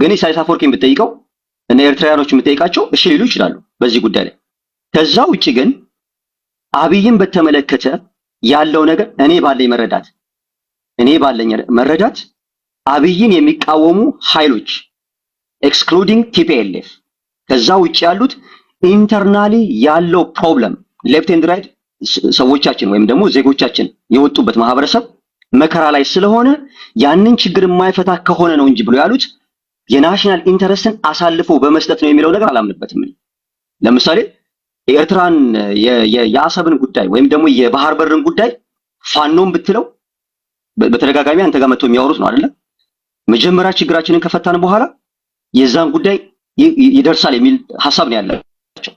ግን ኢሳያስ አፈወርቂን ብትጠይቀው እና ኤርትራውያኖችን ብትጠይቃቸው እሺ ሊሉ ይችላሉ በዚህ ጉዳይ ላይ። ከዛ ውጭ ግን አብይን በተመለከተ ያለው ነገር እኔ ባለኝ መረዳት እኔ ባለኝ መረዳት አብይን የሚቃወሙ ኃይሎች ኤክስክሉዲንግ ቲፒኤልኤፍ ከዛ ውጭ ያሉት ኢንተርናሊ ያለው ፕሮብለም ሌፍት ኤንድ ራይት ሰዎቻችን ወይም ደግሞ ዜጎቻችን የወጡበት ማህበረሰብ መከራ ላይ ስለሆነ ያንን ችግር የማይፈታ ከሆነ ነው እንጂ ብሎ ያሉት የናሽናል ኢንተረስትን አሳልፎ በመስጠት ነው የሚለው ነገር አላምንበትም። ለምሳሌ የኤርትራን የአሰብን ጉዳይ ወይም ደግሞ የባህር በርን ጉዳይ ፋኖም ብትለው በተደጋጋሚ አንተ ጋር መጥቶ የሚያወሩት ነው አይደለ? መጀመሪያ ችግራችንን ከፈታን በኋላ የዛን ጉዳይ ይደርሳል የሚል ሀሳብ ነው ያላቸው።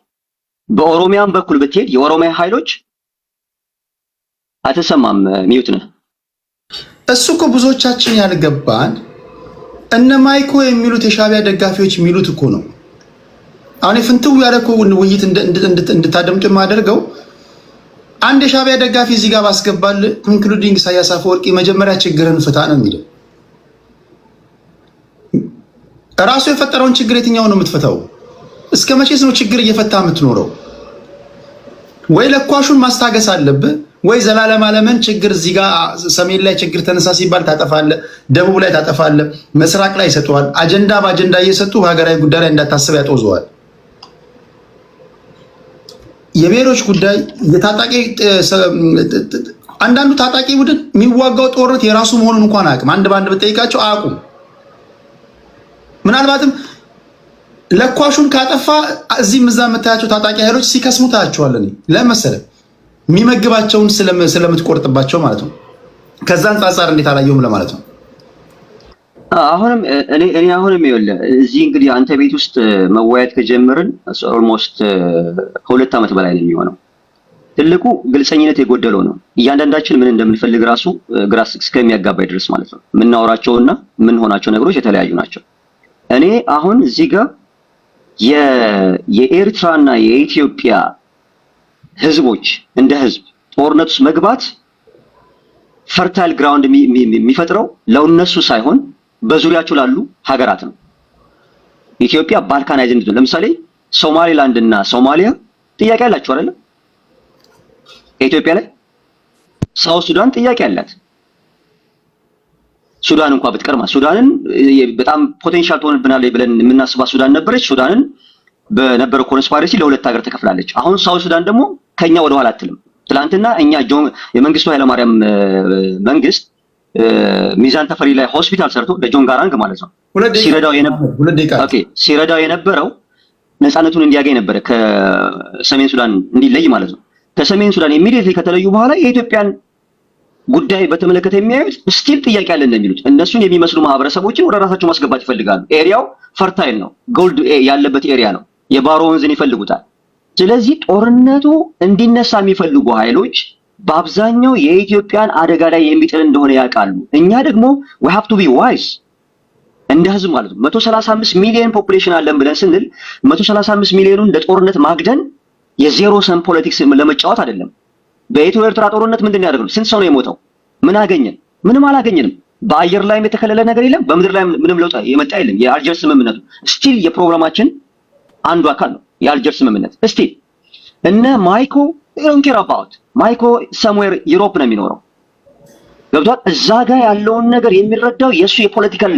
በኦሮሚያም በኩል ብትሄድ የኦሮሚያ ኃይሎች አተሰማም ሚዩት ነው እሱ እኮ ብዙዎቻችን ያልገባን እነ ማይኮ የሚሉት የሻቢያ ደጋፊዎች የሚሉት እኮ ነው። አሁን ፍንትው ያለ ውይይት እንድታደምጡ የማደርገው አንድ የሻቢያ ደጋፊ እዚህ ጋር ባስገባል ኢንክሉዲንግ ኢሳያስ አፈወርቂ መጀመሪያ ችግርን ፍታ ነው የሚለው። ራሱ የፈጠረውን ችግር የትኛው ነው የምትፈታው? እስከ መቼስ ነው ችግር እየፈታ የምትኖረው? ወይ ለኳሹን ማስታገስ አለብህ ወይ ዘላለም ዓለምን ችግር እዚህ ጋር ሰሜን ላይ ችግር ተነሳ ሲባል ታጠፋለ፣ ደቡብ ላይ ታጠፋለ፣ መስራቅ ላይ ይሰጠዋል። አጀንዳ በአጀንዳ እየሰጡ በሀገራዊ ጉዳይ ላይ እንዳታስብ ያጦዘዋል። የብሔሮች ጉዳይ የታጣቂ አንዳንዱ ታጣቂ ቡድን የሚዋጋው ጦርነት የራሱ መሆኑን እንኳን አያውቅም። አንድ በአንድ ብጠይቃቸው አያውቁም። ምናልባትም ለኳሹን ካጠፋ እዚህም እዛ የምታያቸው ታጣቂ ኃይሎች ሲከስሙ ታያቸዋለን። ለምን መሰለህ የሚመግባቸውን ስለምትቆርጥባቸው ማለት ነው። ከዛ አንጻጻር እንዴት አላየሁም ለማለት ነው። አሁንም እኔ እኔ አሁንም ይኸውልህ እዚህ እንግዲህ አንተ ቤት ውስጥ መወያየት ከጀመርን ኦልሞስት ከሁለት ዓመት በላይ ነው የሚሆነው። ትልቁ ግልፀኝነት የጎደለው ነው። እያንዳንዳችን ምን እንደምንፈልግ ራሱ ግራ እስከሚያጋባይ ድረስ ማለት ነው። የምናወራቸውና የምንሆናቸው ነገሮች የተለያዩ ናቸው። እኔ አሁን እዚህ ጋር የኤርትራና የኢትዮጵያ ህዝቦች እንደ ህዝብ ጦርነት ውስጥ መግባት ፈርታይል ግራውንድ የሚፈጥረው ለእነሱ ሳይሆን በዙሪያቸው ላሉ ሀገራት ነው። ኢትዮጵያ ባልካናይዝ እንድትሆን ለምሳሌ ሶማሊላንድ እና ሶማሊያ ጥያቄ አላቸው አይደለም? ኢትዮጵያ ላይ ሳውት ሱዳን ጥያቄ አላት። ሱዳን እንኳን ብትቀርማ ሱዳንን በጣም ፖቴንሻል ትሆንብናለች ብለን የምናስባት ሱዳን ነበረች። ሱዳንን በነበረው ኮንስፓሬሲ ለሁለት ሀገር ተከፍላለች። አሁን ሳውዝ ሱዳን ደግሞ ከኛ ወደ ኋላ አትልም። ትላንትና እኛ የመንግስቱ ኃይለማርያም መንግስት ሚዛን ተፈሪ ላይ ሆስፒታል ሰርቶ ለጆን ጋራንግ ማለት ነው ሲረዳው የነበረው ነፃነቱን እንዲያገኝ ነበረ ከሰሜን ሱዳን እንዲለይ ማለት ነው። ከሰሜን ሱዳን ኢሚዲየትሊ ከተለዩ በኋላ የኢትዮጵያን ጉዳይ በተመለከተ የሚያዩት ስቲል ጥያቄ አለ እንደሚሉት እነሱን የሚመስሉ ማህበረሰቦችን ወደ ራሳቸው ማስገባት ይፈልጋሉ። ኤሪያው ፈርታይል ነው፣ ጎልድ ያለበት ኤሪያ ነው። የባሮ ወንዝን ይፈልጉታል። ስለዚህ ጦርነቱ እንዲነሳ የሚፈልጉ ኃይሎች በአብዛኛው የኢትዮጵያን አደጋ ላይ የሚጥል እንደሆነ ያውቃሉ። እኛ ደግሞ we have to be wise እንደ ህዝብ ማለት ነው። 135 ሚሊዮን ፖፑሌሽን አለን ብለን ስንል 135 ሚሊዮኑን ለጦርነት ማግደን የዜሮ ሰም ፖለቲክስ ለመጫወት አይደለም። በኢትዮ ኤርትራ ጦርነት ምንድን ነው ያደረግነው? ስንት ሰው ነው የሞተው? ምን አገኘን? ምንም አላገኘንም። በአየር ላይም የተከለለ ነገር የለም። በምድር ላይ ምንም ለውጥ የመጣ የለም። የአልጀርስ ስምምነቱ ስቲል የፕሮግራማችን አንዱ አካል ነው የአልጀር ስምምነት። እስቲ እነ ማይኮ ዶንኬር አባውት ማይኮ ሰምዌር ዩሮፕ ነው የሚኖረው ገብቷል። እዛ ጋር ያለውን ነገር የሚረዳው የእሱ የፖለቲካል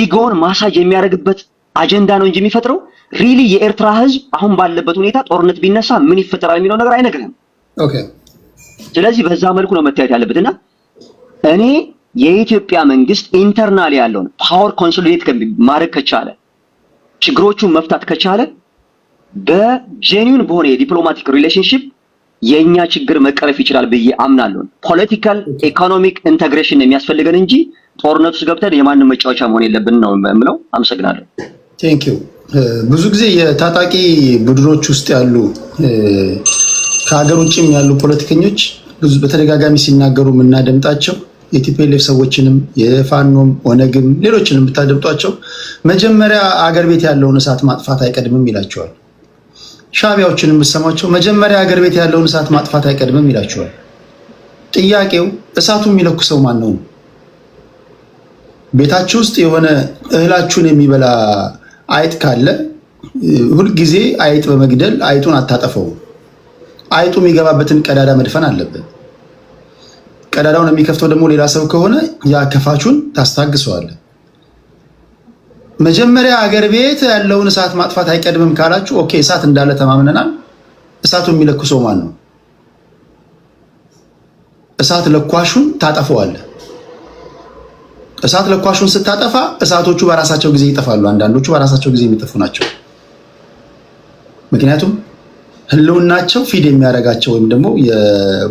ኢጎን ማሳጅ የሚያደርግበት አጀንዳ ነው እንጂ የሚፈጥረው ሪሊ የኤርትራ ህዝብ አሁን ባለበት ሁኔታ ጦርነት ቢነሳ ምን ይፈጠራል የሚለው ነገር አይነግርህም። ስለዚህ በዛ መልኩ ነው መታየት ያለበት እና እኔ የኢትዮጵያ መንግስት ኢንተርናል ያለውን ፓወር ኮንሶሊዴት ማድረግ ከቻለ ችግሮቹን መፍታት ከቻለ በጄኒውን በሆነ የዲፕሎማቲክ ሪሌሽንሽፕ የእኛ ችግር መቀረፍ ይችላል ብዬ አምናለሁ። ፖለቲካል ኢኮኖሚክ ኢንተግሬሽን የሚያስፈልገን እንጂ ጦርነት ውስጥ ገብተን የማንም መጫወቻ መሆን የለብን ነው የምለው። አመሰግናለሁ። ቴንክ ዩ። ብዙ ጊዜ የታጣቂ ቡድኖች ውስጥ ያሉ ከሀገር ውጭም ያሉ ፖለቲከኞች በተደጋጋሚ ሲናገሩ የምናደምጣቸው የቲፒኤልኤፍ ሰዎችንም የፋኖም ኦነግም ሌሎችንም ብታደምጧቸው መጀመሪያ አገር ቤት ያለውን እሳት ማጥፋት አይቀድምም ይላቸዋል። ሻቢያዎችን የምሰማቸው መጀመሪያ አገር ቤት ያለውን እሳት ማጥፋት አይቀድምም ይላቸዋል። ጥያቄው እሳቱ የሚለኩሰው ማን ነው? ቤታችሁ ውስጥ የሆነ እህላችሁን የሚበላ አይጥ ካለ ሁልጊዜ አይጥ በመግደል አይጡን አታጠፈው። አይጡ የሚገባበትን ቀዳዳ መድፈን አለብን። ቀዳዳውን የሚከፍተው ደግሞ ሌላ ሰው ከሆነ ከፋቹን ታስታግሰዋለህ። መጀመሪያ አገር ቤት ያለውን እሳት ማጥፋት አይቀድምም ካላችሁ፣ ኦኬ እሳት እንዳለ ተማምነናል። እሳቱ የሚለኩሰው ማን ነው? እሳት ለኳሹን ታጠፈዋለ። እሳት ለኳሹን ስታጠፋ እሳቶቹ በራሳቸው ጊዜ ይጠፋሉ። አንዳንዶቹ በራሳቸው ጊዜ የሚጠፉ ናቸው። ምክንያቱም ህልውናቸው ፊድ የሚያደርጋቸው ወይም ደግሞ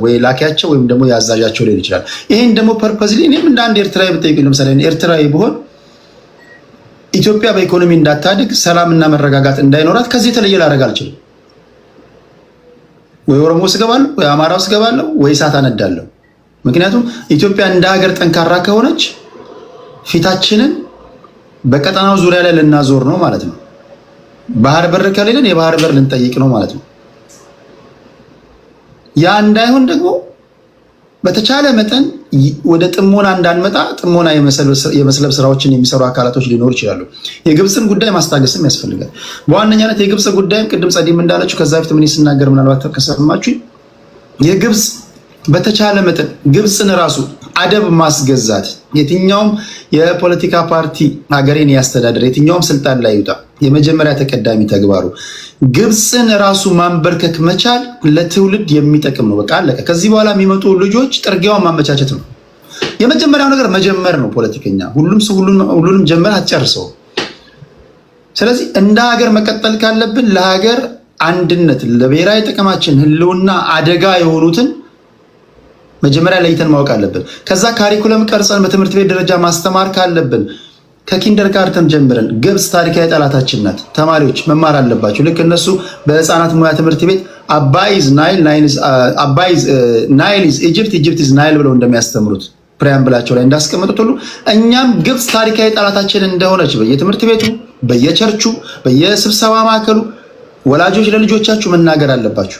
ወይ ላኪያቸው ወይም ደግሞ የአዛዣቸው ሊሆን ይችላል። ይህን ደግሞ ፐርፐዝሊ እኔም እንደ አንድ ኤርትራዊ ብጠይቅ ለምሳሌ ኤርትራዊ ብሆን ኢትዮጵያ በኢኮኖሚ እንዳታድግ ሰላምና መረጋጋት እንዳይኖራት ከዚህ የተለየ ላደርግ አልችልም። ወይ ኦሮሞ ውስጥ ወይ አማራ ውስጥ ወይ እሳት አነዳለሁ። ምክንያቱም ኢትዮጵያ እንደ ሀገር ጠንካራ ከሆነች ፊታችንን በቀጠናው ዙሪያ ላይ ልናዞር ነው ማለት ነው። ባህር በር ከሌለን የባህር በር ልንጠይቅ ነው ማለት ነው። ያ እንዳይሆን ደግሞ በተቻለ መጠን ወደ ጥሞና እንዳንመጣ ጥሞና የመስለብ ስራዎችን የሚሰሩ አካላቶች ሊኖሩ ይችላሉ። የግብፅን ጉዳይ ማስታገስም ያስፈልጋል። በዋነኛነት የግብፅ ጉዳይም ቅድም ጸዲም እንዳለችው ከዛ በፊት ምን ስናገር ምናልባት ከሰማችሁ የግብፅ በተቻለ መጠን ግብፅን ራሱ አደብ ማስገዛት የትኛውም የፖለቲካ ፓርቲ ሀገሬን ያስተዳደር የትኛውም ስልጣን ላይ ይውጣ የመጀመሪያ ተቀዳሚ ተግባሩ ግብፅን ራሱ ማንበርከክ መቻል ለትውልድ የሚጠቅም ነው። በቃ አለቀ። ከዚህ በኋላ የሚመጡ ልጆች ጥርጊያውን ማመቻቸት ነው። የመጀመሪያው ነገር መጀመር ነው። ፖለቲከኛ ሁሉም ሁሉንም ጀመር አትጨርሰው። ስለዚህ እንደ ሀገር መቀጠል ካለብን ለሀገር አንድነት ለብሔራዊ ጥቅማችን ህልውና አደጋ የሆኑትን መጀመሪያ ለይተን ማወቅ አለብን። ከዛ ካሪኩለም ቀርጸን በትምህርት ቤት ደረጃ ማስተማር ካለብን ከኪንደር ጋርተን ጀምረን ግብፅ ታሪካዊ ጠላታችን ናት። ተማሪዎች መማር አለባቸው። ልክ እነሱ በህፃናት ሙያ ትምህርት ቤት አባይዝ ናይል ኢዝ ኢጅፕት ኢጅፕት ኢዝ ናይል ብለው እንደሚያስተምሩት ፕሪያምብላቸው ላይ እንዳስቀመጡት ሁሉ እኛም ግብፅ ታሪካዊ ጠላታችን እንደሆነች በየትምህርት ቤቱ፣ በየቸርቹ፣ በየስብሰባ ማዕከሉ ወላጆች ለልጆቻችሁ መናገር አለባችሁ።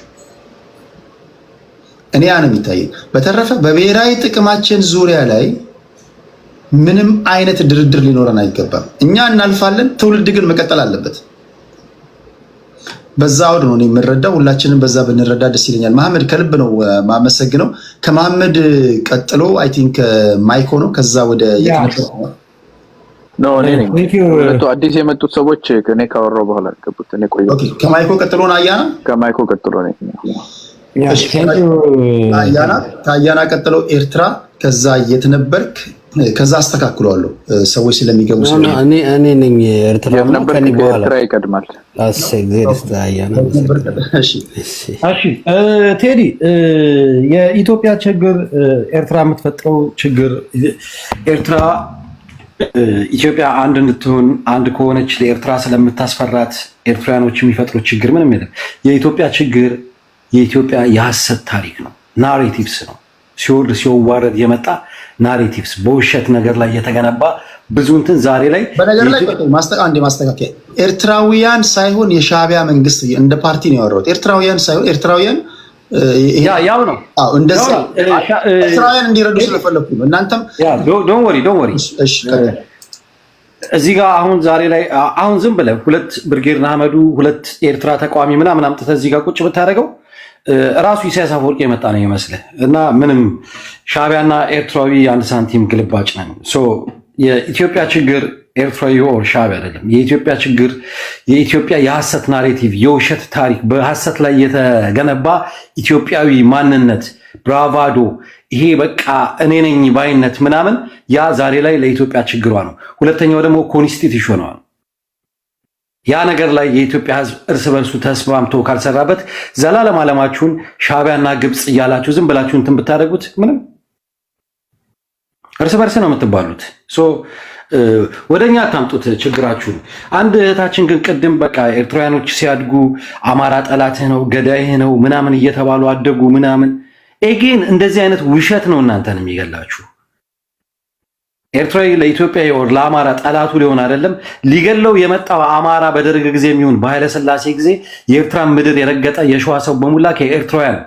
እኔ ያ ነው የሚታየኝ። በተረፈ በብሔራዊ ጥቅማችን ዙሪያ ላይ ምንም አይነት ድርድር ሊኖረን አይገባም። እኛ እናልፋለን፣ ትውልድ ግን መቀጠል አለበት። በዛ አውድ ነው የምንረዳው። ሁላችንም በዛ ብንረዳ ደስ ይለኛል። መሐመድ ከልብ ነው ማመሰግነው። ከመሐመድ ቀጥሎ አይ ቲንክ ማይኮ ነው። ከዛ ወደ አዲስ የመጡት ሰዎች እኔ ካወራው በኋላ ገቡት። ከማይኮ ቀጥሎ ነው አያ ነው። ከማይኮ ቀጥሎ ነው ከአያና ቀጥለው ኤርትራ፣ ከዛ የት ነበርክ? ከዛ አስተካክሏለሁ ሰዎች ስለሚገቡ እኔ ነኝ። ኤርትራ ይቀድማል። ቴዲ፣ የኢትዮጵያ ችግር ኤርትራ የምትፈጥረው ችግር ኤርትራ ኢትዮጵያ አንድ እንድትሆን አንድ ከሆነች ለኤርትራ ስለምታስፈራት ኤርትራውያኖች የሚፈጥሩት ችግር ምንም የለም። የኢትዮጵያ ችግር የኢትዮጵያ የሐሰት ታሪክ ነው። ናሬቲቭስ ነው። ሲወርድ ሲወዋረድ የመጣ ናሬቲቭስ በውሸት ነገር ላይ የተገነባ ብዙ እንትን ዛሬ ላይ በነገር ላይ አንድ ማስተካከያ ኤርትራውያን ሳይሆን የሻቢያ መንግስት እንደ ፓርቲ ነው ያወራሁት። ኤርትራውያን ሳይሆን ኤርትራውያን ያው ነው እንደዚያ ኤርትራውያን እንዲረዱ ስለፈለኩ ነው። እናንተም ዶን ወሪ ዶን ወሪ እዚህ ጋር አሁን ዛሬ ላይ አሁን ዝም ብለህ ሁለት ብርጌድ ናህመዱ ሁለት ኤርትራ ተቃዋሚ ምናምን አምጥተህ እዚህ ጋር ቁጭ ብታደርገው ራሱ ኢሳያስ አፈወርቂ የመጣ ነው ይመስል እና ምንም ሻዕቢያና ኤርትራዊ የአንድ ሳንቲም ግልባጭ ነን። የኢትዮጵያ ችግር ኤርትራዊ ኦር ሻዕቢያ አይደለም። የኢትዮጵያ ችግር የኢትዮጵያ የሐሰት ናሬቲቭ፣ የውሸት ታሪክ፣ በሐሰት ላይ የተገነባ ኢትዮጵያዊ ማንነት ብራቫዶ፣ ይሄ በቃ እኔ ነኝ ባይነት ምናምን ያ ዛሬ ላይ ለኢትዮጵያ ችግሯ ነው። ሁለተኛው ደግሞ ኮንስቲቱሽኗ ነው። ያ ነገር ላይ የኢትዮጵያ ህዝብ እርስ በርሱ ተስማምቶ ካልሰራበት ዘላለም ዓለማችሁን ሻቢያና ግብፅ እያላችሁ ዝም ብላችሁ እንትን ብታደርጉት ምንም እርስ በርስ ነው የምትባሉት። ወደ እኛ አታምጡት ችግራችሁን። አንድ እህታችን ግን ቅድም በቃ ኤርትራውያኖች ሲያድጉ አማራ ጠላትህ ነው ገዳይህ ነው ምናምን እየተባሉ አደጉ ምናምን። ኤጌን እንደዚህ አይነት ውሸት ነው እናንተን የሚገላችሁ። ኤርትራዊ ለኢትዮጵያ ለአማራ ጠላቱ ሊሆን አይደለም። ሊገለው የመጣው አማራ በደርግ ጊዜ የሚሆን በኃይለስላሴ ጊዜ የኤርትራን ምድር የረገጠ የሸዋ ሰው በሙላ ከኤርትራውያን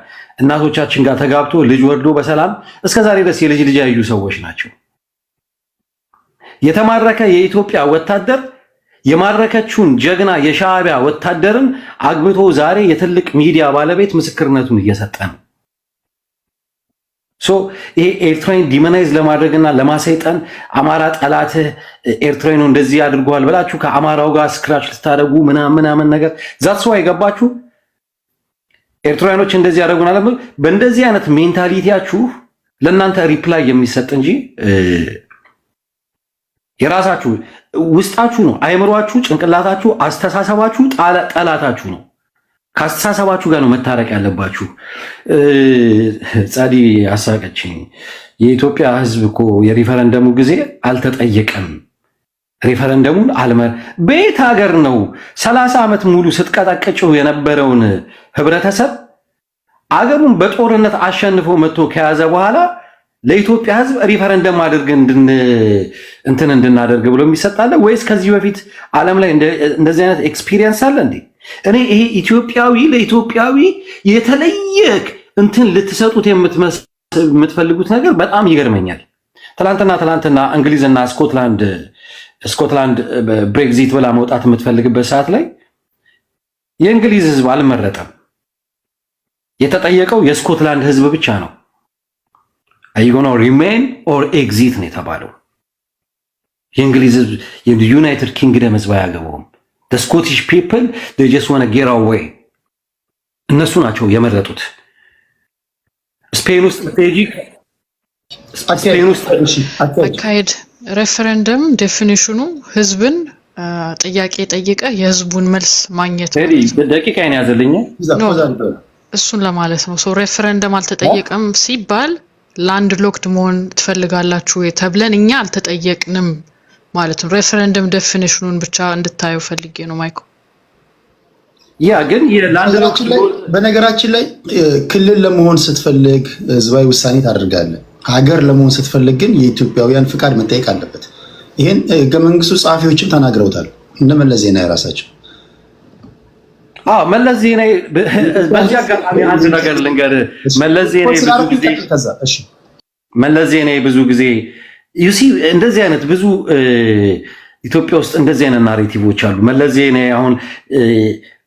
እናቶቻችን ጋር ተጋብቶ ልጅ ወልዶ በሰላም እስከዛሬ ድረስ የልጅ ልጅ ያዩ ሰዎች ናቸው። የተማረከ የኢትዮጵያ ወታደር የማረከችውን ጀግና የሻዕቢያ ወታደርን አግብቶ ዛሬ የትልቅ ሚዲያ ባለቤት ምስክርነቱን እየሰጠ ነው። ሶ ይሄ ኤርትራዊን ዲመናይዝ ለማድረግና ለማሰይጠን አማራ ጠላትህ ኤርትራዊ ነው እንደዚህ አድርገዋል ብላችሁ ከአማራው ጋር ስክራች ልታደርጉ ምናምን ምናምን ነገር ዛት አይገባችሁ። ኤርትራውያኖች እንደዚህ አለ። በእንደዚህ አይነት ሜንታሊቲያችሁ ለእናንተ ሪፕላይ የሚሰጥ እንጂ የራሳችሁ ውስጣችሁ ነው፣ አይምሯችሁ፣ ጭንቅላታችሁ፣ አስተሳሰባችሁ ጠላታችሁ ነው። ከአስተሳሰባችሁ ጋር ነው መታረቅ ያለባችሁ። ጸዲ አሳቀችኝ። የኢትዮጵያ ሕዝብ እኮ የሪፈረንደሙ ጊዜ አልተጠየቀም። ሪፈረንደሙን አልመር ቤት ሀገር ነው። ሰላሳ ዓመት ሙሉ ስትቀጠቀጭው የነበረውን ህብረተሰብ አገሩን በጦርነት አሸንፎ መጥቶ ከያዘ በኋላ ለኢትዮጵያ ህዝብ ሪፈረንደም አድርግ እንትን እንድናደርግ ብሎ የሚሰጣለ ወይስ ከዚህ በፊት ዓለም ላይ እንደዚህ አይነት ኤክስፒሪየንስ አለ እንዴ? እኔ ይሄ ኢትዮጵያዊ ለኢትዮጵያዊ የተለየ እንትን ልትሰጡት የምትፈልጉት ነገር በጣም ይገርመኛል። ትላንትና ትላንትና እንግሊዝና ስኮትላንድ ስኮትላንድ ብሬግዚት ብላ መውጣት የምትፈልግበት ሰዓት ላይ የእንግሊዝ ሕዝብ አልመረጠም። የተጠየቀው የስኮትላንድ ሕዝብ ብቻ ነው። አይጎኖ ሪሜን ኦር ኤግዚት ነው የተባለው። የእንግሊዝ ሕዝብ የዩናይትድ ኪንግደም ሕዝብ አያገባውም። ስኮቲሽ ፒፕል ጀስት ዋን ጌራ ዌይ እነሱ ናቸው የመረጡት። ስፔን ውስጥ ሬፈረንደም ዴፊኒሽኑ ህዝብን ጥያቄ ጠይቀ የህዝቡን መልስ ማግኘት ደቂቃ ነው ያዘልኝ እሱን ለማለት ነው። ሰው ሬፈረንደም አልተጠየቀም ሲባል ላንድ ሎክድ መሆን ትፈልጋላችሁ ተብለን እኛ አልተጠየቅንም ማለት ነው። ሬፈረንደም ዴፊኒሽኑን ብቻ እንድታዩ ፈልጌ ነው ማይኮ። ያ ግን በነገራችን ላይ ክልል ለመሆን ስትፈልግ ህዝባዊ ውሳኔ ታደርጋለህ። ሀገር ለመሆን ስትፈልግ ግን የኢትዮጵያውያን ፍቃድ መጠየቅ አለበት። ይህን ህገ መንግስቱ ጸሐፊዎችም ተናግረውታል። እንደ መለስ ዜና የራሳቸው መለስ ዜና በዚህ አጋጣሚ አንድ ነገር ልንገር። መለስ ዜና ብዙ ጊዜ ዩሲ እንደዚህ አይነት ብዙ ኢትዮጵያ ውስጥ እንደዚህ አይነት ናሬቲቮች አሉ። መለስ ዜናዊ አሁን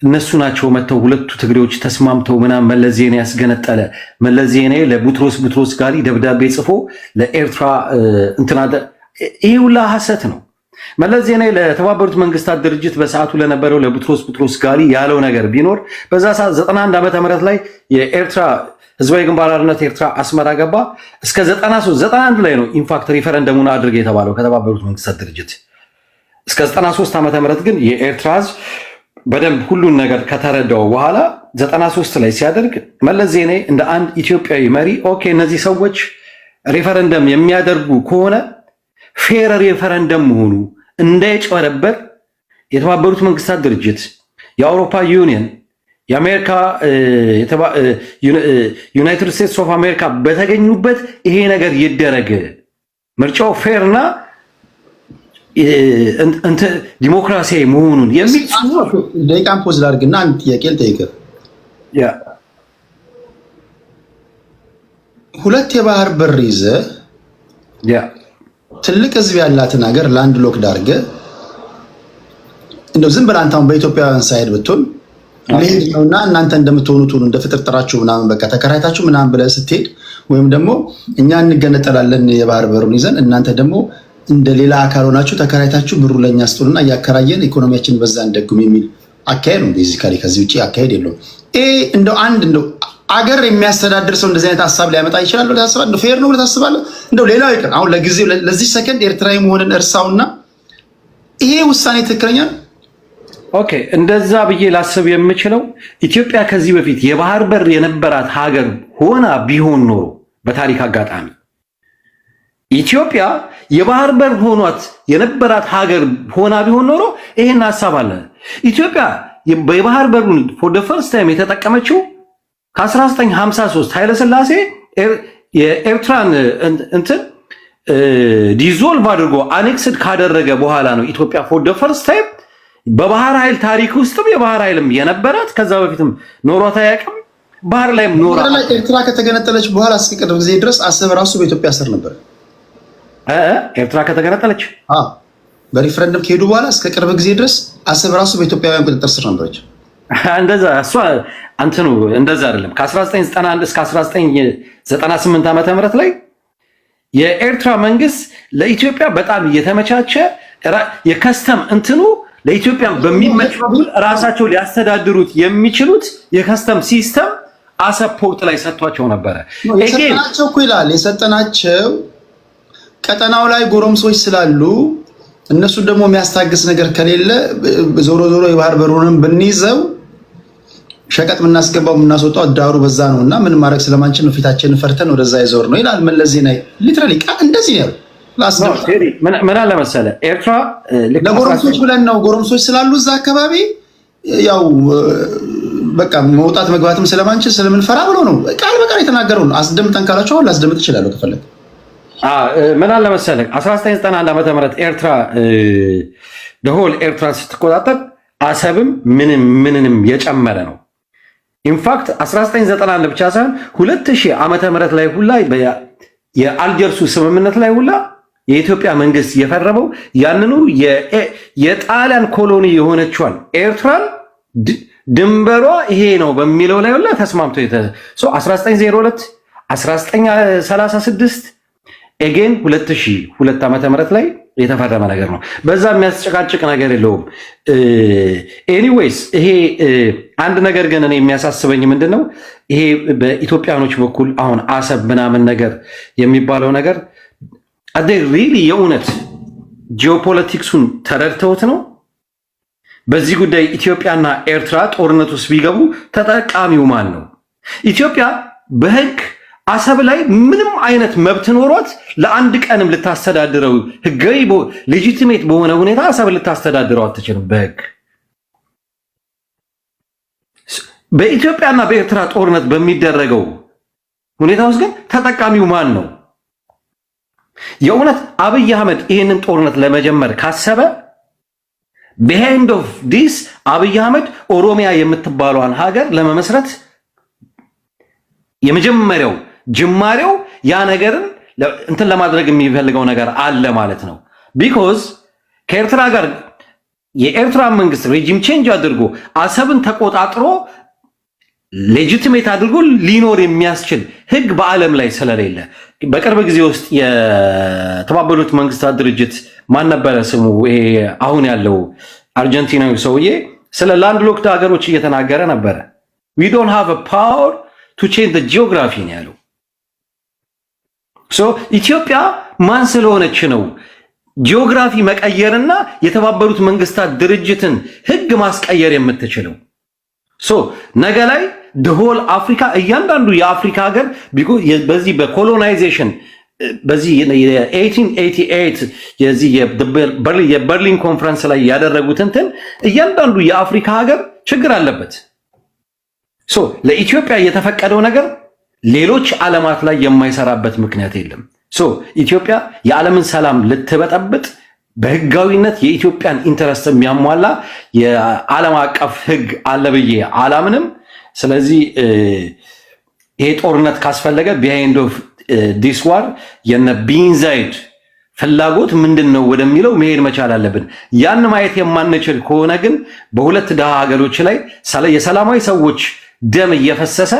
እነሱ ናቸው መጥተው ሁለቱ ትግሬዎች ተስማምተው ምናምን መለስ ዜናዊ ያስገነጠለ መለስ ዜናዊ ለቡትሮስ ቡትሮስ ጋሊ ደብዳቤ ጽፎ ለኤርትራ እንትና ይህ ሁላ ሀሰት ነው። መለስ ዜናዊ ለተባበሩት መንግስታት ድርጅት በሰዓቱ ለነበረው ለቡትሮስ ቡትሮስ ጋሊ ያለው ነገር ቢኖር በዛ ሰዓት 91 ዓመተ ምህረት ላይ የኤርትራ ህዝባዊ ግንባር ሓርነት ኤርትራ አስመራ ገባ። እስከ 93 91 ላይ ነው ኢንፋክት ሪፈረንደሙን አድርግ የተባለው ከተባበሩት መንግስታት ድርጅት እስከ 93 ዓመተ ምህረት ግን የኤርትራ ህዝብ በደንብ ሁሉን ነገር ከተረዳው በኋላ 93 ላይ ሲያደርግ መለስ ዜናዊ እንደ አንድ ኢትዮጵያዊ መሪ ኦኬ እነዚህ ሰዎች ሪፈረንደም የሚያደርጉ ከሆነ ፌር ሬፈረንደም መሆኑ እንዳይጭበረበር የተባበሩት መንግስታት ድርጅት፣ የአውሮፓ ዩኒየን፣ የአሜሪካ ዩናይትድ ስቴትስ ኦፍ አሜሪካ በተገኙበት ይሄ ነገር ይደረግ። ምርጫው ፌርና ዲሞክራሲያዊ መሆኑን የሚል ደቂቃን ፖዝ ላድርግና አንድ ጥያቄ ልጠይቅህ። ሁለት የባህር በር ይዘህ ትልቅ ህዝብ ያላትን ሀገር ላንድ ሎክ ዳርገ እንደው ዝም ብለህ አንተ አሁን በኢትዮጵያውያን ሳይሄድ ብትሆን ልሄድ ነውና እናንተ እንደምትሆኑት ሁሉ እንደ ፍጥርጥራችሁ ምናምን በቃ ተከራይታችሁ ምናምን ብለህ ስትሄድ ወይም ደግሞ እኛ እንገነጠላለን የባህር በሩን ይዘን እናንተ ደግሞ እንደ ሌላ አካል ሆናችሁ ተከራይታችሁ ብሩ ለእኛ ስጡንና እያከራየን ኢኮኖሚያችን በዛ እንደጉም የሚል አካሄድ ነው። ቤዚካሊ ከዚህ ውጭ አካሄድ የለውም። ይሄ እንደው አንድ እንደው አገር የሚያስተዳድር ሰው እንደዚህ አይነት ሀሳብ ሊያመጣ ይችላል ብለህ ታስባለህ? እንደው ፌር ነው ብለህ ታስባለህ? እንደው ሌላው ይቅር፣ አሁን ለጊዜው ለዚህ ሰከንድ ኤርትራዊ መሆንን እርሳውና ይሄ ውሳኔ ትክክለኛ ኦኬ፣ እንደዛ ብዬ ላስብ የምችለው ኢትዮጵያ ከዚህ በፊት የባህር በር የነበራት ሀገር ሆና ቢሆን ኖሮ በታሪክ አጋጣሚ ኢትዮጵያ የባህር በር ሆኗት የነበራት ሀገር ሆና ቢሆን ኖሮ ይሄን ሀሳብ አለ። ኢትዮጵያ የባህር በሩን ፎር ዘ ፈርስት ታይም የተጠቀመችው ከ1953 ኃይለስላሴ የኤርትራን እንትን ዲዞልቭ አድርጎ አኔክስድ ካደረገ በኋላ ነው ኢትዮጵያ ፎር ደ ፈርስት ታይም በባህር ኃይል ታሪክ ውስጥም የባህር ኃይልም የነበራት ከዛ በፊትም ኖሯት አያውቅም። ባህር ላይም ኖራ ኤርትራ ከተገነጠለች በኋላ እስከ ቅርብ ጊዜ ድረስ አሰብ ራሱ በኢትዮጵያ ስር ነበር። ኤርትራ ከተገነጠለች በሪፍረንደም ከሄዱ በኋላ እስከ ቅርብ ጊዜ ድረስ አሰብ ራሱ በኢትዮጵያውያን ቁጥጥር ስር ነበረች። እንደዛ እሷ አንተኑ እንደዛ አይደለም። ከ1991 እስከ 1998 ዓመተ ምህረት ላይ የኤርትራ መንግስት ለኢትዮጵያ በጣም እየተመቻቸ የከስተም እንትኑ ለኢትዮጵያ በሚመች ራሳቸው ሊያስተዳድሩት የሚችሉት የከስተም ሲስተም አሰፖርት ላይ ሰጥቷቸው ነበረ። የሰጠናቸው እኮ ይላል የሰጠናቸው ቀጠናው ላይ ጎረምሶች ስላሉ እነሱ ደግሞ የሚያስታግስ ነገር ከሌለ ዞሮ ዞሮ የባህር በሩንም ብንይዘው ሸቀጥ የምናስገባው የምናስወጣው አዳሩ በዛ ነው እና ምን ማድረግ ስለማንችል ነው ፊታችንን ፈርተን ወደዛ ይዞር ነው ይላል መለስ ዜናዊ። ሊትራሊ ቃ እንደዚህ ነው። ምን አለ መሰለህ ኤርትራ ለጎረምሶች ብለን ነው ጎረምሶች ስላሉ እዛ አካባቢ ያው በቃ መውጣት መግባትም ስለማንችል ስለምንፈራ ብሎ ነው ቃል በቃል ነው። አስደምጠን ካላቸው አሁን ላስደምጥ እችላለሁ ከፈለግ ምን አለ መሰለህ 1991 ዓ ም ኤርትራ ደሆል ኤርትራ ስትቆጣጠር አሰብም ምንም ምንንም የጨመረ ነው ኢንፋክት 1991 ብቻ ሳይሆን 2000 ዓመተ ምህረት ላይ ሁላ የአልጀርሱ ስምምነት ላይ ሁላ የኢትዮጵያ መንግስት የፈረመው ያንኑ የጣሊያን ኮሎኒ የሆነችዋን ኤርትራን ድንበሯ ይሄ ነው በሚለው ላይ ሁላ ተስማምቶ 1902 1936 ኤጌን 2002 ዓመተ ምህረት ላይ የተፈረመ ነገር ነው። በዛ የሚያስጨቃጭቅ ነገር የለውም። ኤኒዌይስ uh, ይሄ uh, አንድ ነገር ግን እኔ የሚያሳስበኝ ምንድን ነው ይሄ በኢትዮጵያኖች በኩል አሁን አሰብ ምናምን ነገር የሚባለው ነገር ሪሊ የእውነት ጂኦፖለቲክሱን ተረድተውት ነው። በዚህ ጉዳይ ኢትዮጵያና ኤርትራ ጦርነት ውስጥ ቢገቡ ተጠቃሚው ማን ነው? ኢትዮጵያ በህግ አሰብ ላይ ምንም አይነት መብት ኖሮት ለአንድ ቀንም ልታስተዳድረው ህጋዊ ሌጂቲሜት በሆነ ሁኔታ አሰብ ልታስተዳድረው አትችልም በህግ። በኢትዮጵያና በኤርትራ ጦርነት በሚደረገው ሁኔታ ውስጥ ግን ተጠቃሚው ማን ነው? የእውነት አብይ አህመድ ይህንን ጦርነት ለመጀመር ካሰበ ቢሃይንድ ኦፍ ዲስ አብይ አህመድ ኦሮሚያ የምትባሏን ሀገር ለመመስረት የመጀመሪያው ጅማሬው ያ ነገርን እንትን ለማድረግ የሚፈልገው ነገር አለ ማለት ነው። ቢኮዝ ከኤርትራ ጋር የኤርትራ መንግስት ሬጂም ቼንጅ አድርጎ አሰብን ተቆጣጥሮ ሌጂቲሜት አድርጎ ሊኖር የሚያስችል ህግ በዓለም ላይ ስለሌለ በቅርብ ጊዜ ውስጥ የተባበሩት መንግስታት ድርጅት ማን ነበረ ስሙ? ይሄ አሁን ያለው አርጀንቲናዊ ሰውዬ ስለ ላንድ ሎክድ ሀገሮች እየተናገረ ነበረ። ዊ ዶንት ሃቭ ፓወር ቱ ቼንጅ ጂኦግራፊ ነው ያለው። ኢትዮጵያ ማን ስለሆነች ነው ጂኦግራፊ መቀየርና የተባበሩት መንግስታት ድርጅትን ህግ ማስቀየር የምትችለው። ሶ ነገ ላይ ደሆል አፍሪካ እያንዳንዱ የአፍሪካ ሀገር በዚህ በኮሎናይዜሽን በዚህ የ1888 የበርሊን ኮንፈረንስ ላይ ያደረጉት እንትን እያንዳንዱ የአፍሪካ ሀገር ችግር አለበት። ሶ ለኢትዮጵያ የተፈቀደው ነገር ሌሎች ዓለማት ላይ የማይሰራበት ምክንያት የለም። ሶ ኢትዮጵያ የዓለምን ሰላም ልትበጠብጥ በህጋዊነት የኢትዮጵያን ኢንተረስት የሚያሟላ የዓለም አቀፍ ህግ አለ ብዬ አላምንም። ስለዚህ ይሄ ጦርነት ካስፈለገ ቢሃይንድ ኦፍ ዲስ ዋር የነ ቢንዛይድ ፍላጎት ምንድን ነው ወደሚለው መሄድ መቻል አለብን። ያን ማየት የማንችል ከሆነ ግን በሁለት ድሃ ሀገሮች ላይ የሰላማዊ ሰዎች ደም እየፈሰሰ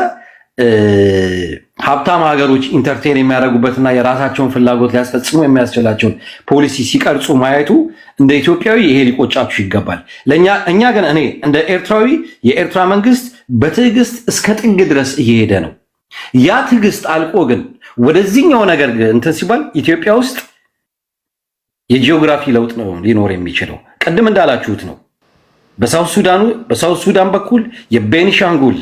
ሀብታም ሀገሮች ኢንተርቴን የሚያደርጉበትና የራሳቸውን ፍላጎት ሊያስፈጽሙ የሚያስችላቸውን ፖሊሲ ሲቀርጹ ማየቱ እንደ ኢትዮጵያዊ ይሄ ሊቆጫችሁ ይገባል። እኛ ግን እኔ እንደ ኤርትራዊ የኤርትራ መንግስት በትዕግስት እስከ ጥግ ድረስ እየሄደ ነው። ያ ትዕግስት አልቆ ግን ወደዚህኛው ነገር እንትን ሲባል ኢትዮጵያ ውስጥ የጂኦግራፊ ለውጥ ነው ሊኖር የሚችለው። ቅድም እንዳላችሁት ነው። በሳውት ሱዳን በኩል የቤኒሻንጉል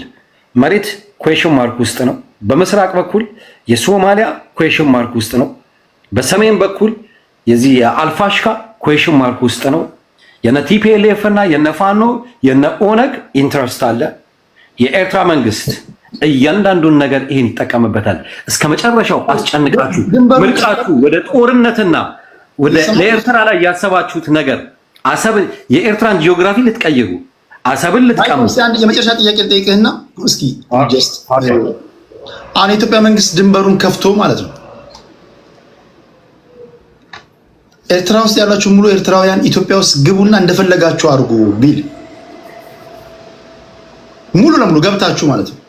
መሬት ኩዌሽን ማርክ ውስጥ ነው። በምስራቅ በኩል የሶማሊያ ኩዌሽን ማርክ ውስጥ ነው። በሰሜን በኩል የዚህ የአልፋሽካ ኩዌሽን ማርክ ውስጥ ነው። የነ ቲፒኤልኤፍ እና የነ ፋኖ የነ ኦነግ ኢንትረስት አለ። የኤርትራ መንግስት እያንዳንዱን ነገር ይሄን ይጠቀምበታል። እስከ መጨረሻው አስጨንቃችሁ ምርጫችሁ ወደ ጦርነትና ለኤርትራ ላይ ያሰባችሁት ነገር አሰብ የኤርትራን ጂኦግራፊ ልትቀይሩ አሰብን ልጥቀሙ። የመጨረሻ ጥያቄ ልጠይቅህና እስኪ አሁን የኢትዮጵያ መንግስት ድንበሩን ከፍቶ ማለት ነው ኤርትራ ውስጥ ያላችሁ ሙሉ ኤርትራውያን ኢትዮጵያ ውስጥ ግቡና እንደፈለጋችሁ አድርጉ ቢል ሙሉ ለሙሉ ገብታችሁ ማለት ነው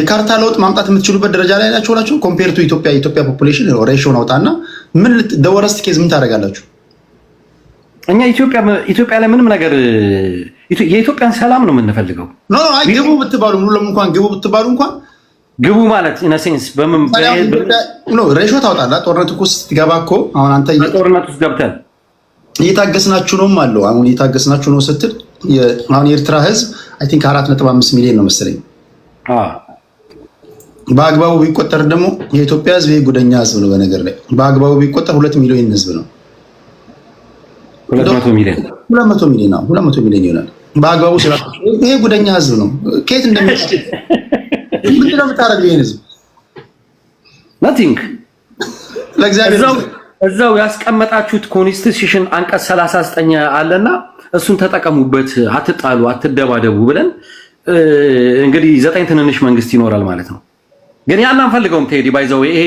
የካርታ ለውጥ ማምጣት የምትችሉበት ደረጃ ላይ ናችሁ ሆናችሁ ኮምፔር ቱ ኢትዮጵያ ኢትዮጵያ ፖፑሌሽን ሬሽዮን አውጣና ምን ደወረስት ኬዝ ምን ታደርጋላችሁ? እኛ ኢትዮጵያ ላይ ምንም ነገር የኢትዮጵያን ሰላም ነው የምንፈልገው። ግቡ ብትባሉ ሙሉ እንኳን ግቡ ብትባሉ እንኳን ግቡ ማለት ኢነሴንስ በምን ሬሾ ታወጣላ። ጦርነት እኮ ስትገባ እኮ አሁን አንተ ጦርነት ውስጥ ገብተን እየታገስናችሁ ነውም አለው። አሁን እየታገስናችሁ ነው ስትል አሁን የኤርትራ ህዝብ አይ ቲንክ አራት ነጥብ አምስት ሚሊዮን ነው መሰለኝ። በአግባቡ ቢቆጠር ደግሞ የኢትዮጵያ ህዝብ የጉደኛ ጉደኛ ህዝብ ነው። በነገር ላይ በአግባቡ ቢቆጠር ሁለት ሚሊዮን ህዝብ ነው። ሁለት መቶ ሚሊዮን ነው። ሁለት መቶ ሚሊዮን ይሆናል በአግባቡ ስራ። ይሄ ጉደኛ ህዝብ ነው። ከየት እንደሚመጣ ምንድን ነው የምታደርገው? ይሄን ህዝብ ናቲንግ ለእግዚአብሔር እዛው ያስቀመጣችሁት ኮንስቲቱሽን አንቀጽ 39 አለና እሱን ተጠቀሙበት፣ አትጣሉ፣ አትደባደቡ ብለን እንግዲህ ዘጠኝ ትንንሽ መንግስት ይኖራል ማለት ነው። ግን ያን አንፈልገውም። ቴዲ ባይዘው ይሄ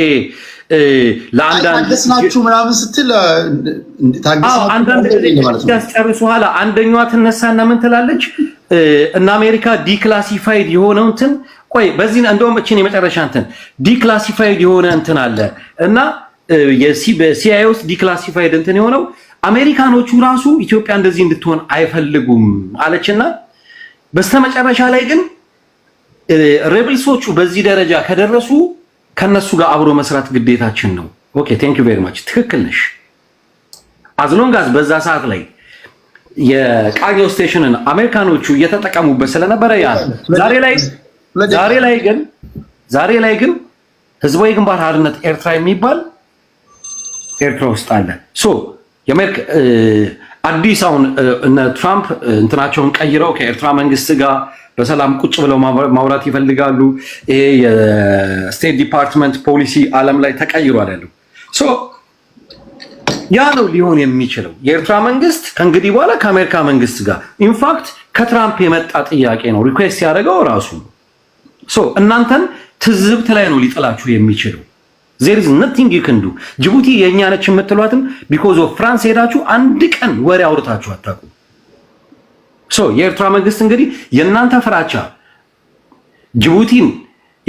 ታገስናችሁ ምናምን ስትል ያስጨርሱ ኋላ አንደኛዋ ትነሳና ምን ትላለች? እነ አሜሪካ ዲክላሲፋይድ የሆነው እንትን ቆይ በዚህ እንደውም እችን የመጨረሻ እንትን ዲክላሲፋይድ የሆነ እንትን አለ እና ውስጥ ዲክላሲፋይድ እንትን የሆነው አሜሪካኖቹ ራሱ ኢትዮጵያ እንደዚህ እንድትሆን አይፈልጉም አለችና በስተመጨረሻ ላይ ግን ሬብልሶቹ በዚህ ደረጃ ከደረሱ ከነሱ ጋር አብሮ መስራት ግዴታችን ነው። ኦኬ ቴንክ ዩ ቬሪ ማች ትክክል ነሽ። አዝሎንጋዝ በዛ ሰዓት ላይ የቃዮ ስቴሽንን አሜሪካኖቹ እየተጠቀሙበት ስለነበረ ያ ዛሬ ላይ ዛሬ ላይ ግን ዛሬ ላይ ግን ህዝባዊ ግንባር ሓርነት ኤርትራ የሚባል ኤርትራ ውስጥ አለ። ሶ የአሜሪካ አዲስ አሁን እነ ትራምፕ እንትናቸውን ቀይረው ከኤርትራ መንግስት ጋር በሰላም ቁጭ ብለው ማውራት ይፈልጋሉ። ይሄ የስቴት ዲፓርትመንት ፖሊሲ ዓለም ላይ ተቀይሯል ያለው ያ ነው ሊሆን የሚችለው። የኤርትራ መንግስት ከእንግዲህ በኋላ ከአሜሪካ መንግስት ጋር ኢንፋክት ከትራምፕ የመጣ ጥያቄ ነው። ሪኩዌስት ያደረገው ራሱ እናንተን ትዝብት ላይ ነው ሊጥላችሁ የሚችለው። ዜር ኢዝ ነቲንግ ዩ ዱ ጅቡቲ የእኛ ነች የምትሏትም ቢኮዝ ኦፍ ፍራንስ ሄዳችሁ አንድ ቀን ወሬ አውርታችሁ አታውቁም። የኤርትራ መንግስት እንግዲህ የእናንተ ፍራቻ ጅቡቲን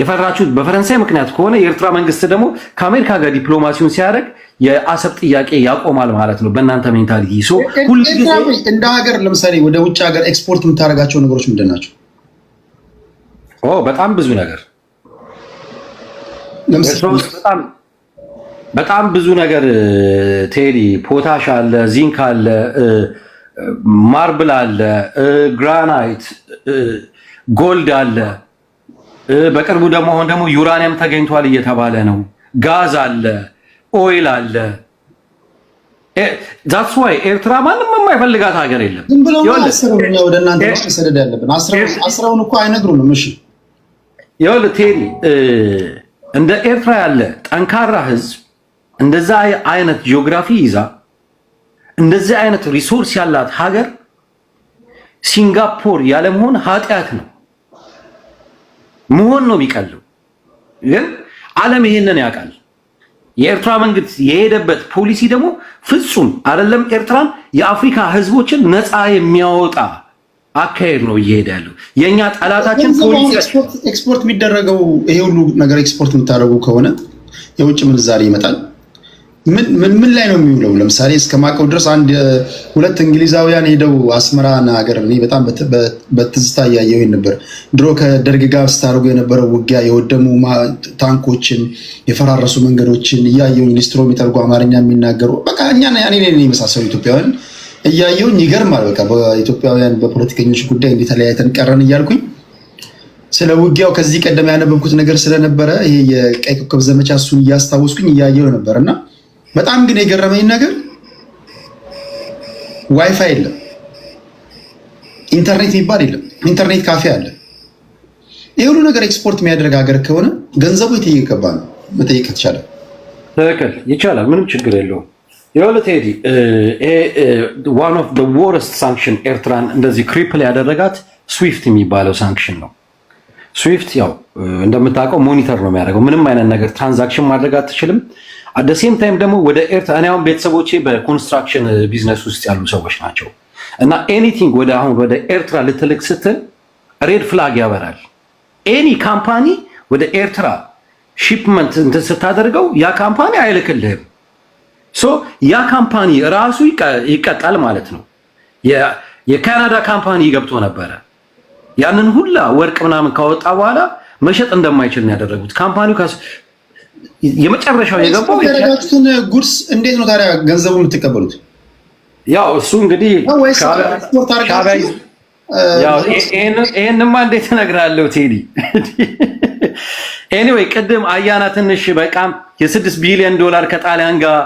የፈራችሁት በፈረንሳይ ምክንያት ከሆነ የኤርትራ መንግስት ደግሞ ከአሜሪካ ጋር ዲፕሎማሲውን ሲያደርግ የአሰብ ጥያቄ ያቆማል ማለት ነው። በእናንተ ሜንታሊቲ እንደ ሀገር ለምሳሌ ወደ ውጭ ሀገር ኤክስፖርት የምታደርጋቸው ነገሮች ምንድን ናቸው? በጣም ብዙ ነገር በጣም ብዙ ነገር ቴዲ፣ ፖታሽ አለ፣ ዚንክ አለ ማርብል አለ፣ ግራናይት፣ ጎልድ አለ። በቅርቡ ደግሞ አሁን ደግሞ ዩራኒየም ተገኝቷል እየተባለ ነው። ጋዝ አለ፣ ኦይል አለ። ዛትስ ዋይ ኤርትራ ማንም የማይፈልጋት ሀገር የለም። ዝም ብለው ወደ እናንተ ያለብን አስረውን እኮ አይነግሩንም። እሺ ይኸውልህ ቴሪ እንደ ኤርትራ ያለ ጠንካራ ህዝብ እንደዛ አይነት ጂኦግራፊ ይዛ እንደዚህ አይነት ሪሶርስ ያላት ሀገር ሲንጋፖር ያለመሆን ኃጢአት ነው። መሆን ነው የሚቀለው። ግን ዓለም ይሄንን ያውቃል። የኤርትራ መንግስት የሄደበት ፖሊሲ ደግሞ ፍጹም አይደለም። ኤርትራን የአፍሪካ ህዝቦችን ነፃ የሚያወጣ አካሄድ ነው እየሄደ ያለው። የእኛ ጠላታችን ፖሊሲ ኤክስፖርት የሚደረገው ይሄ ሁሉ ነገር ኤክስፖርት የምታደርጉ ከሆነ የውጭ ምንዛሬ ይመጣል። ምን ምን ላይ ነው የሚውለው? ለምሳሌ እስከ ማቀው ድረስ አንድ ሁለት እንግሊዛውያን ሄደው አስመራን ሀገር እኔ በጣም በትዝታ እያየሁኝ ነበር። ድሮ ከደርግ ጋር ስታደርጉ የነበረው ውጊያ የወደሙ ታንኮችን፣ የፈራረሱ መንገዶችን እያየሁኝ ሊስትሮ የሚጠርጉ አማርኛ የሚናገሩ በቃ እኛ እኔ የመሳሰሉ ኢትዮጵያውያን እያየሁኝ ይገርማል። በቃ በኢትዮጵያውያን በፖለቲከኞች ጉዳይ እንዲተለያይተን ቀረን እያልኩኝ ስለ ውጊያው ከዚህ ቀደም ያነበብኩት ነገር ስለነበረ ይሄ የቀይ ኮከብ ዘመቻ እሱን እያስታወስኩኝ እያየሁ ነበር እና በጣም ግን የገረመኝ ነገር ዋይፋይ የለም፣ ኢንተርኔት የሚባል የለም። ኢንተርኔት ካፌ አለ። ይህ ሁሉ ነገር ኤክስፖርት የሚያደርግ ሀገር ከሆነ ገንዘቡ የተየገባ ነው መጠየቅ ተቻለ? ትክክል ይቻላል። ምንም ችግር የለውም። የሆነ ቴዲ ዋን ኦፍ ደ ሳንክሽን ኤርትራን እንደዚህ ክሪፕል ያደረጋት ስዊፍት የሚባለው ሳንክሽን ነው። ስዊፍት ያው እንደምታውቀው ሞኒተር ነው የሚያደርገው። ምንም አይነት ነገር ትራንዛክሽን ማድረግ አትችልም። ሴም ታይም ደግሞ ወደ ኤርትራ እኔ አሁን ቤተሰቦቼ በኮንስትራክሽን ቢዝነስ ውስጥ ያሉ ሰዎች ናቸው እና ኤኒቲንግ ወደ አሁን ወደ ኤርትራ ልትልክ ስትል ሬድ ፍላግ ያበራል። ኤኒ ካምፓኒ ወደ ኤርትራ ሺፕመንት እንትን ስታደርገው ያ ካምፓኒ አይልክልህም። ሶ ያ ካምፓኒ ራሱ ይቀጣል ማለት ነው። የካናዳ ካምፓኒ ገብቶ ነበረ። ያንን ሁላ ወርቅ ምናምን ካወጣ በኋላ መሸጥ እንደማይችል ነው ያደረጉት። ካምፓኒው የመጨረሻው የገባው ያደረጋችሁትን ጉርስ እንዴት ነው ታዲያ ገንዘቡ የምትቀበሉት? ያው እሱ እንግዲህ ይህንማ እንዴት እነግርሃለሁ ቴዲ። ኤኒዌይ ቅድም አያና ትንሽ በቃም የስድስት ቢሊዮን ዶላር ከጣሊያን ጋር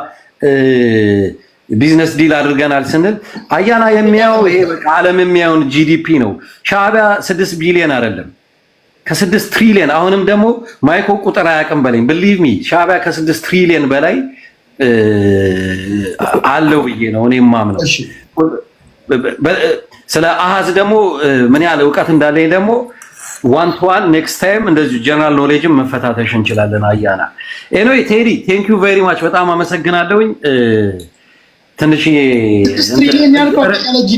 ቢዝነስ ዲል አድርገናል ስንል አያና የሚያየው ይሄ በቃ ዓለም የሚያየውን ጂዲፒ ነው። ሻዕቢያ ስድስት ቢሊዮን አይደለም ከስድስት ትሪሊየን አሁንም ደግሞ ማይኮ ቁጥር አያውቅም በለኝ። ብሊቭ ሚ ሻዕቢያ ከስድስት ትሪሊየን በላይ አለው ብዬ ነው እኔ የማምነው። ስለ አሃዝ ደግሞ ምን ያህል እውቀት እንዳለኝ ደግሞ ዋን ቱ ዋን ኔክስት ታይም እንደዚሁ ጀነራል ኖሌጅም መፈታተሽ እንችላለን። አያና ኤኒዌይ ቴዲ ቴንክ ዩ ማች በጣም አመሰግናለሁኝ። ትንሽ